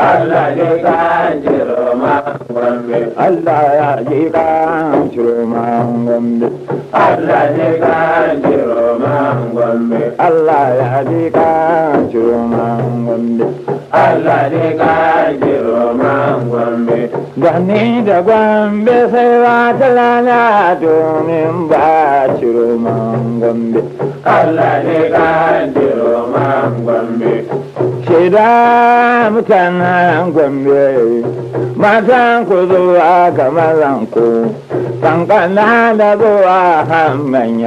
Allah ya kan ma gombe. Allah ya ji kan ma gombe. Allah ya kan ma gombe. Allah ya ji kan jirma gombe. Allah ya kan jirma gombe. Gani da gwambe sai ba ta lana domin ba roman gwambe. Allah ne ka ciroman gwambe. Shida mutanen gwambe, matan ku zuwa kamar ku, kankana da zuwa kan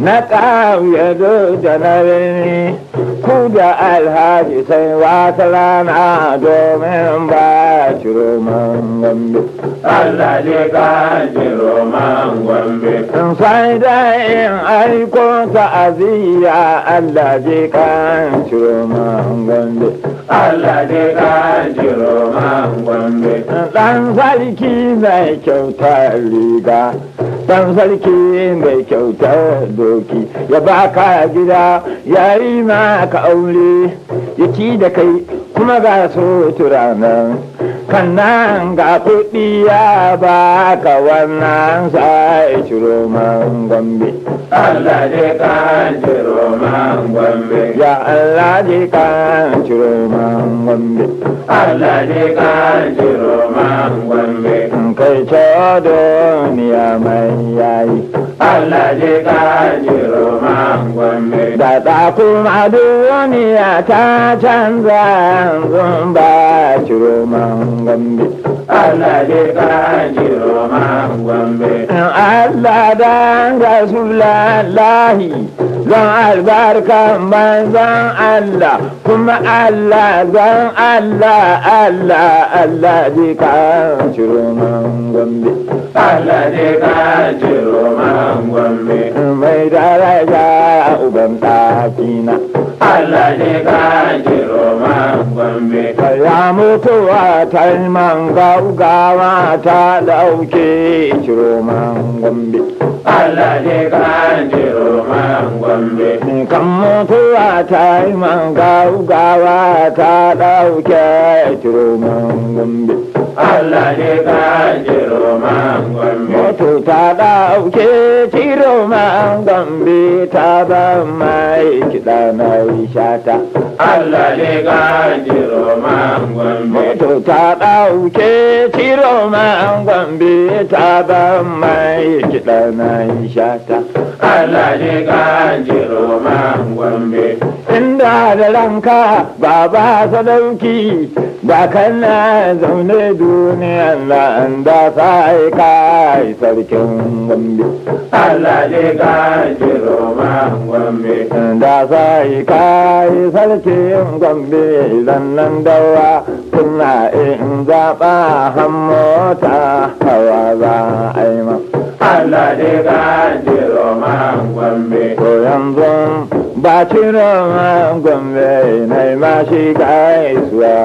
Na ƙauye da na birni, ku da alhaji sai wata rana domin ba roma ngombe Allah ne kajin roman gombe sai dai aiko ta'aziyya Allah ne kajin roman gombe Allah ne kajin roman gombe dan sarki mai kyauta riga dan sarki mai kyauta doki ya baka gida ya yi maka aure ya ci da kai kuma ga so turanan kannan ga kuɗi ya ba ka wannan sai ciro man gombe. Allah je kan ciro man gombe. Ya Allah je kan ciro man gombe. Allah je kan ciro man gombe. Mm. kai ca duniya mai yayi. Allah ji kaji roma gwamnati. Da da kuma duniya ta canza zun ba roma gwamnati. Allah ji kaji roma gwamnati. Allah dan rasulallahi. zan albarka manzan Allah kuma Allah zan Allah Allah Allah ji ka ciro man gombe Allah ji ka ciro man gombe mai daraja uban takina Allah ji ka ciro man gombe ya mutuwa ta man gaugawa ta dauke ciro man gombe Allah ji ka ciro man gombe kammu kowa ta yi man gaugawa ta ɗauke ciroman gombe. Allah ne ka ciro gombe. Moto ta ɗauke ciroman gombe ta ba mai kiɗa na wishata. Allah ne ka ciroman gombe. Mutu ta ɗauke ciroman gombe ta ba mai kiɗa na wishata. Alhaji Kajiro man Gombe. Inda da ranka baba dauki. da kana zaune duniyan nan da sai kai sarkin Gombe. Alhaji Kajiro man Gombe. Da sai kai sarkin Gombe zannan dawa kuna in zaɓa hammota hawa za a yi Allah dai man To yanzu ba ci man gombe na ma shi gaisuwa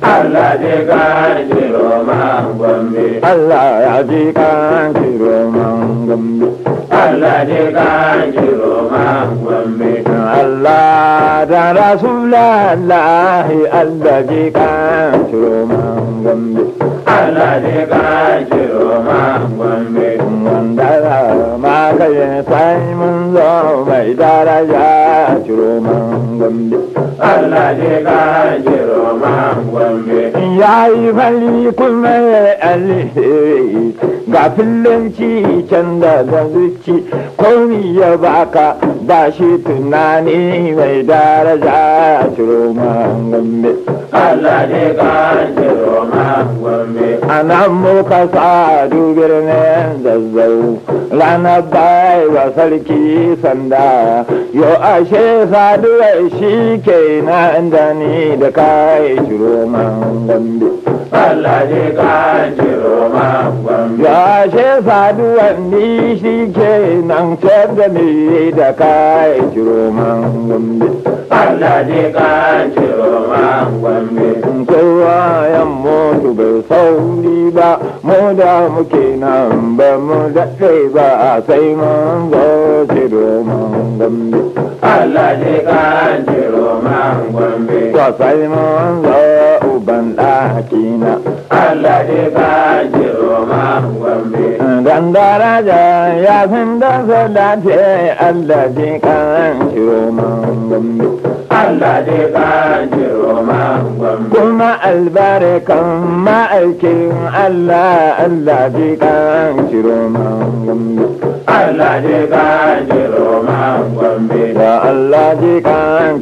Allah dai ka jiro man gombe. Allah ya ji kan jiro man gombe. Allah da rasulallahi allaji kan ciro man gombe allaji kan ciro man gombe dara ma kai sai mun zo mai daraja ciro man gombe Allah ne ka jiro man gombe. Ya yi fali kuma ya alheri ga fillanci can da zuci komi ya baka ba shi tunani mai daraja jiro man gombe. Allah ne ka jiro man gombe. nan muka sadu birnin zazzau ranar bai wa sarki sanda yo ashe saduwar shi ke nan da ni da kai shiro man gombe Allah ne ka shiro man gombe yo ashe saduwar ni shi ke nan can da ni da kai shiro man gombe Allah ne ka shiro gombe kowa ya mutu bai sauri daɗi ba mu da muke nan ba mu daɗe ba sai mun zo ciro gambe Allah ji kan jiro man gombe. Kwasai mun zo uban ɗakina. Allah ji kan jiro man gombe. Dan daraja ya san da sadace Allah ji kan jiro man gombe. Allah ji kan jiro man gombe. Kuma albarkan ma'aikin Allah Allah ji kan jiro man gombe. Allah ji kan ji man gombe. Allah ji kan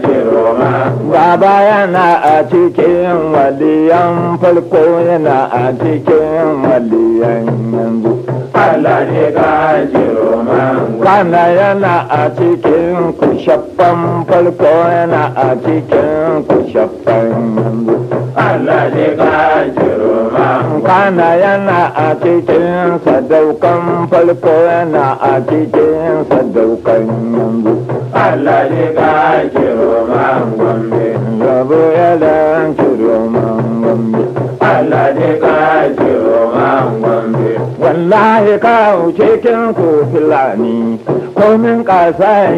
ji kan gombe. Baba yana a cikin waliyan farko yana a cikin waliyan yanzu. Allah ji kan ji man gombe. Kana yana a cikin kushaffan farko yana a cikin kushaffan yanzu. Allah ne ka Kana yana a cikin sadaukan farko yana a cikin sadaukan yanzu. Allah ne ka jiruma gombe. Zabu yana jiruma gombe. Allah ne ka jiruma gombe. Wallahi kawo cikin ku filani. Komin ya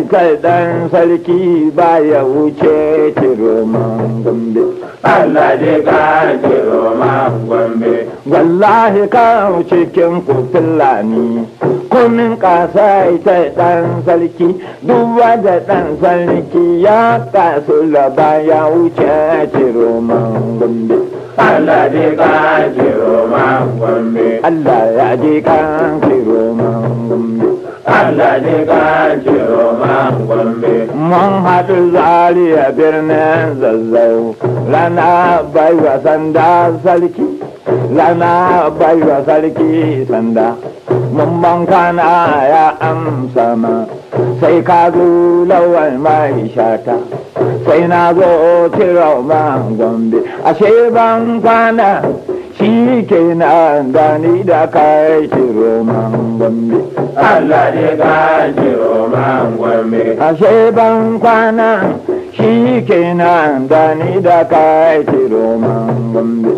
kai ɗan sarki ba ya wuce ciroman gombe. Allah dai ka kiro ma gombe. Wallahi kan cikin kufin lani, kumin kasa ita dan sarki, duwa da dan sarki ya kasu laba ya wuce kiro ma gombe. Allah dai ka kiro ma gombe. Allah ya ji kan kiro ma gombe. Allah ka ciro man gombe. Mun haɗu zariya birnin zazzau, rana bai wa sanda sarki, rana bai wa sarki sanda. Mun banka na ya amsa ma, sai ka zo lawan mai shata. Sai na zo tirau man gombe, ashe ban kwana shi ke na gani da ka shiro roman gombe. Allah ne kayan shiro roman gombe. Ashe ban kwana shi ke na gani da ka shiro roman gombe.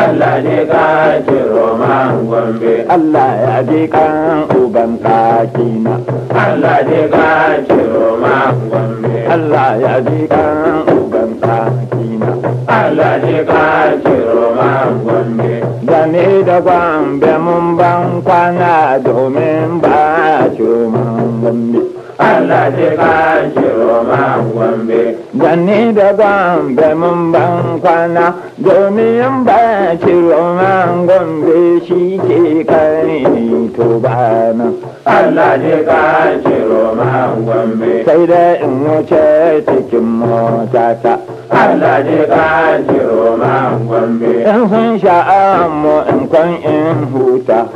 Allah ne kayan shiro roman gombe. Allah ya ji kan uban kakina. Allah ne kayan shiro roman gombe. Allah ya ji kan uban kakina. Alhaji Kakiru Gombe. Da ni da Gombe mun ban kwana domin ba cuman Gombe. ka Kakiru Gombe. Da ni da Gombe mun ban kwana domin ba cuman Gombe shi ke kai to ba nan. Allah ne ka ciro Gombe. Sai da in wuce cikin motata. Allah ji kan ciro man gombe. In sun sha'an mu in kwan in huta,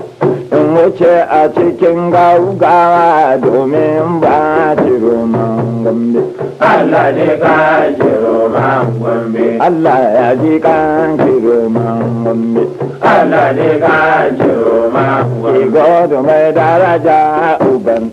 in wuce a cikin gaugawa domin ba ciro man gombe. Allah ji kan gombe. Allah ya ji kan gombe. Allah ji kan gombe. Igodo mai daraja uban.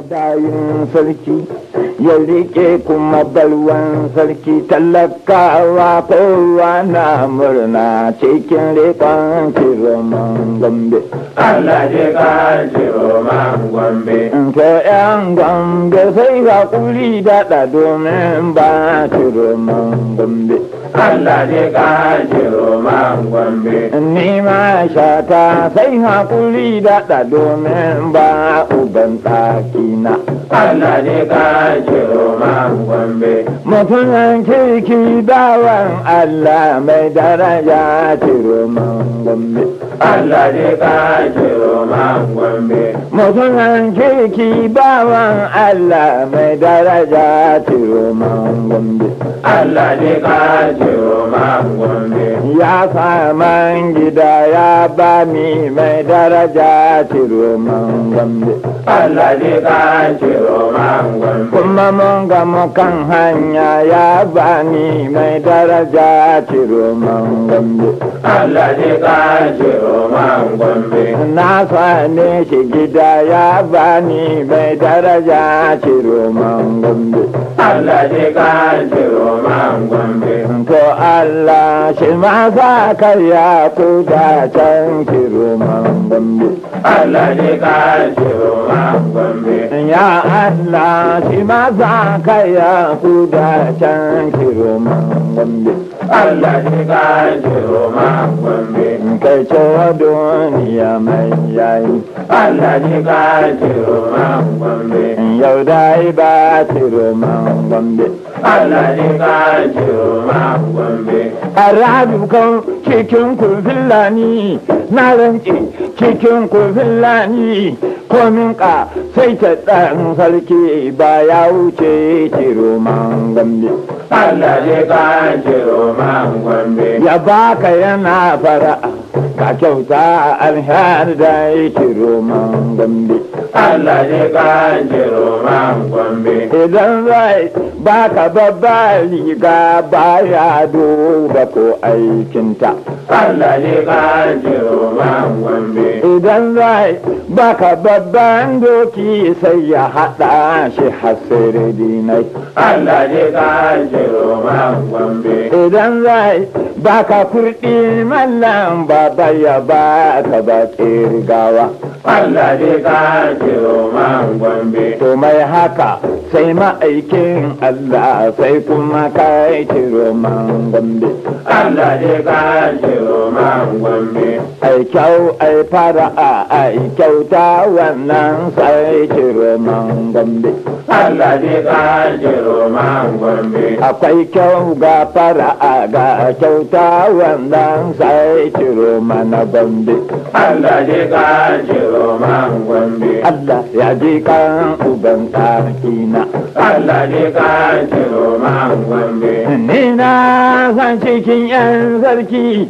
Adayin sarki ya rike kuma balwan sarki talakawa kowa na murna cikin rikon kiroman gombe Allah je ka kiroman gombe Nke yan gombe sai ga kuli daɗa domin ba kiroman gombe Allah ne gajiro man Ni ma shata sai hakuri da domin ba uban na. Allah ne gajiro man gombe. Mutumin kirki bawan Allah mai daraja ciro man gombe. Allah ne ka kiro man gombe. Mutumin kirki bawan Allah mai daraja tiro man gombe. Allah ne ka kiro man gombe. Ya saman gida ya ba mi mai daraja tiro man gombe. Allah ne ka kiro man gombe. Kuma mun ga mukan hanya ya ba ni mai daraja tiro man gombe. Allah ne ka kiro Na sani shi gida ya bani mai daraja Roman gombe. Allah shi ka Roman gombe. To Allah shi ma sa karya ku da can Roman gombe. Allah shi ka Roman gombe. Ya Allah shi ma sa karya ku da can Roman gombe. Allah shi ka Roman gombe. kai ce duniya mai yayi. Allah ji ba tiro man gombe. Yau da ba tiro man gombe. a rabi kan cikin kurfin ni na rance cikin kurfin lani komin ka sai ta ɗan sarki ba ya wuce ciro man gambe Allah ne ka ciro man gambe ya baka yana fara'a ka kyauta alhari da yake roman gombe. Allah ne ka ji roman gombe. Idan zai baka babba riga baya duba ko aikinta. Allah ne ka ji roman gombe. Idan zai baka babban doki sai ya haɗa shi hasiri dinai. Allah ne ka ji roman gombe. Idan zai baka kurɗi mallam baba ya ba ka bakin gawa. Allah ne ka kiro man gombe. To mai haka sai ma'aikin Allah sai kuma ka kiro man gombe. Allah ne ka kiro man gombe. Ai kyau ai a ai kyauta wannan sai kiro man gombe. Allah ne ka kiro man gombe. Akwai kyau ga a ga kyauta wannan sai kiro man na Gombe. Allah ji ji man Gombe. Allah ya ji ka uban na Allah ji ji man Gombe. Ni na san cikin 'yan sarki,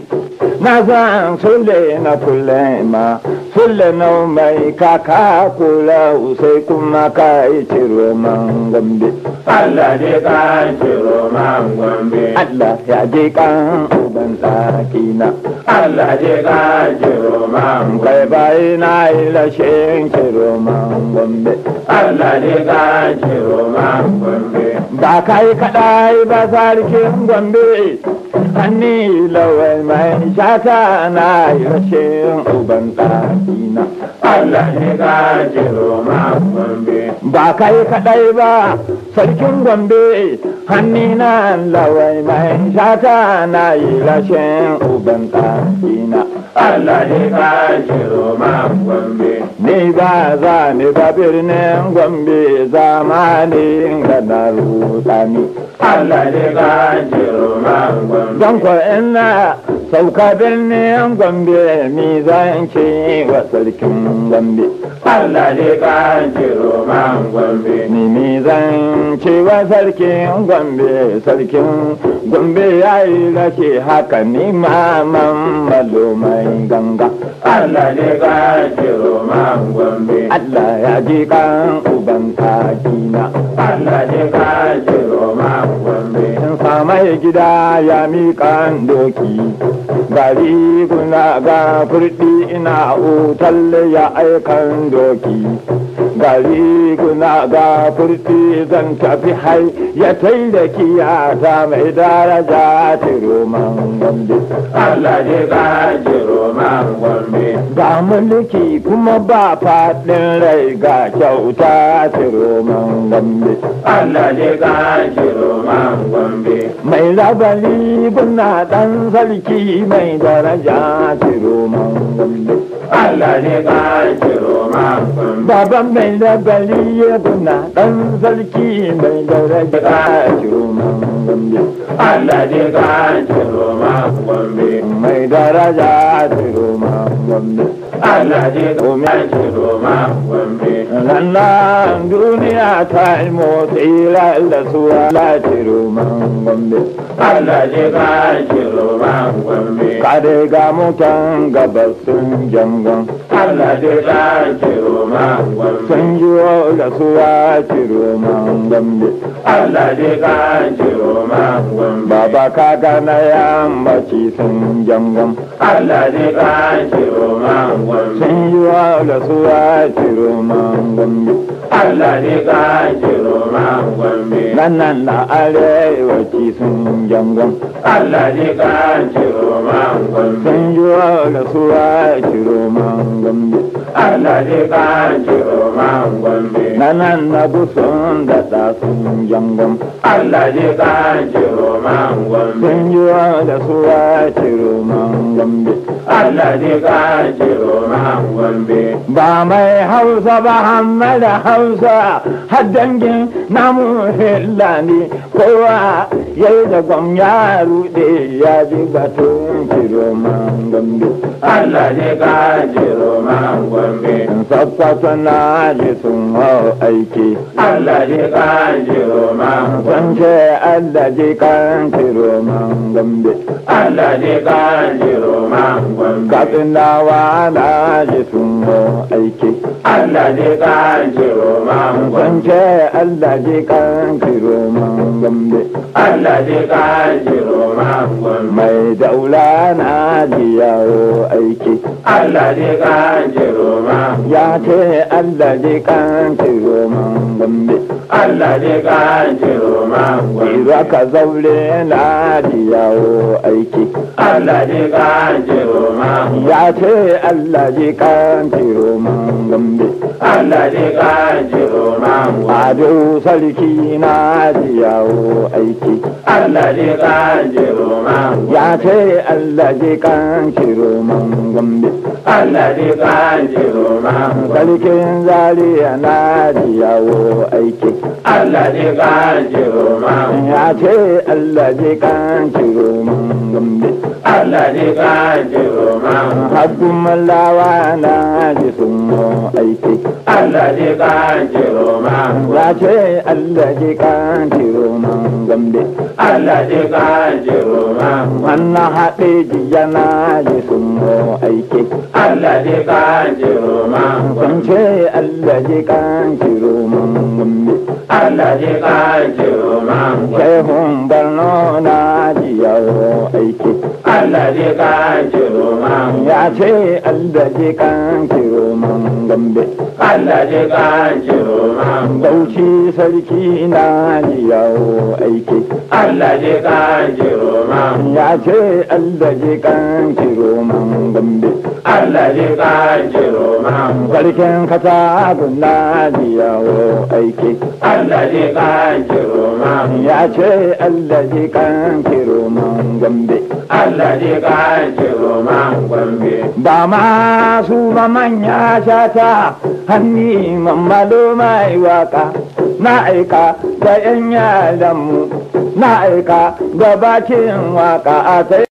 na san sule na fulema. kulle nau mai kaka kula sai kuma ka yi ciro man gombe. Allah je kan ciro man gombe. Allah ya je ban uban na. Allah je kan ciro man gombe. Kai bai na yi lashin ciro man gombe. Allah je kan ciro man gombe. Ba kaɗa yi ba sarkin gombe. Hanni lawai mai shaka na yi rashin uban tsaki. madina Allah ne ka jiro ma gombe ba kai kadai ba sarkin gombe hanni na lawai mai shaka na yi rashin uban ɗakina Allah ne ka jiro ma gombe ni ba za ni ba birnin gombe zamanin ga na rutsani Allah ne ka jiro ma gombe don ko ina sauka birnin gombe mi zanki wa sarkin gombe Allah ne kan jiro man gombe ni mi zanki wa sarkin gombe sarkin gombe ya yi rake haka ni maman malumai ganga Allah ne kan jiro man gombe Allah ya ji kan uban kakina Allah ne kan jiro man gombe sama ya gida ya kan doki gari kuna ga furdi ina u,talle ya aikan doki gari guna ga furti zan tafi hai ya tai da kiyata mai daraja roman gombe Allah ne ga roman gombe ga mulki kuma ba faɗin rai ga kyauta roman gombe Allah ne ga roman gombe mai labari guna dan sarki mai daraja roman gombe Allah ne ga tiroman gombe baban mai mai dabali ya guna ɗan sarki mai daraja ƙaciru mamambe Allah ne mai daraja ƙaciru mamambe alhaji domin ki doma gombe sannan duniya ta yi motsi da suwa lati roman gombe alhaji ka ki roman gombe kare ga mutan gabas sun jangon alhaji ka ki roman gombe sun jiwo da suwa ki roman gombe alhaji ka ki roman gombe baba ka gana yammaci sun jangon alhaji ka ki roman gombe Shiwa da suwa ciro man gombe. Allah ne ka ciro man gombe. Nan nan na arewaci sun jangon. Allah ne ka ciro man gombe. Shiwa da suwa ciro man gombe. nanan na busun da ta sun jangon Allah ji kan ciro mangon sun wa da suwa ciro mangon bi Allah ji kan ciro mangon bi ba mai hausa ba hamada hausa har dangin namu hillani kowa yau da gwam ya rude ya ji batun ciro mangon bi Allah ji kan ciro mangon gombe sakkwato na ji sun hau aiki Allah ji kan ji roman sun ce Allah ji kan ji roman gombe Allah ji kan ji roman gombe katsinawa na ji sun hau aiki Allah ji kan ji roman gombe sun ce Allah ji kan ji roman gombe Allah kan ji roman gombe mai daula na ji yawo aiki Allah ji kan ji roman ya ce Allah ji kan ciro man gombe Allah ji kan ciro man gombe za ka zaure ladi yawo aiki Allah ji kan ciro man ya ce Allah ji kan ciro man gombe Allah ne ka jiro mamu. Ado sarki na yawo aiki. Allah ne ka jiro mamu. Ya ce Allah ne ka jiro mamu gombe. Allah ne ka jiro mamu. Sarkin zariya na yawo aiki. Allah ne ka jiro mamu. Ya ce Allah ne ka jiro mamu gombe. Hakuman lawa na ji sun aiki. Allah ji kanji roman. Ya ce Allah ji kanji roman gambe. Allah ji kanji roman. Wannan haɗe ji yana ji sun aiki. Allah ji kanji roman. Kun ce Allah ji kanji roman gambe. Allah ji kanji roman. Shehun Borno na ji yawo aiki. Allah ji kan kiro man. Ya ce Allah ji kan kiro man gambe. Allah ji kan kiro man. Bauchi sarki na yawo aiki. Allah je kan man. Ya ce Allah je kan man gambe. Allah je kan man. Sarkin kasa gunna yawo aiki. Allah je kan man. Ya ce Allah je kan man gambe. Allah je kan man gambe. Ba ma su ba manya shata hanni mamalo mai waka. na aika da 'yan mu na aika da bakin waka a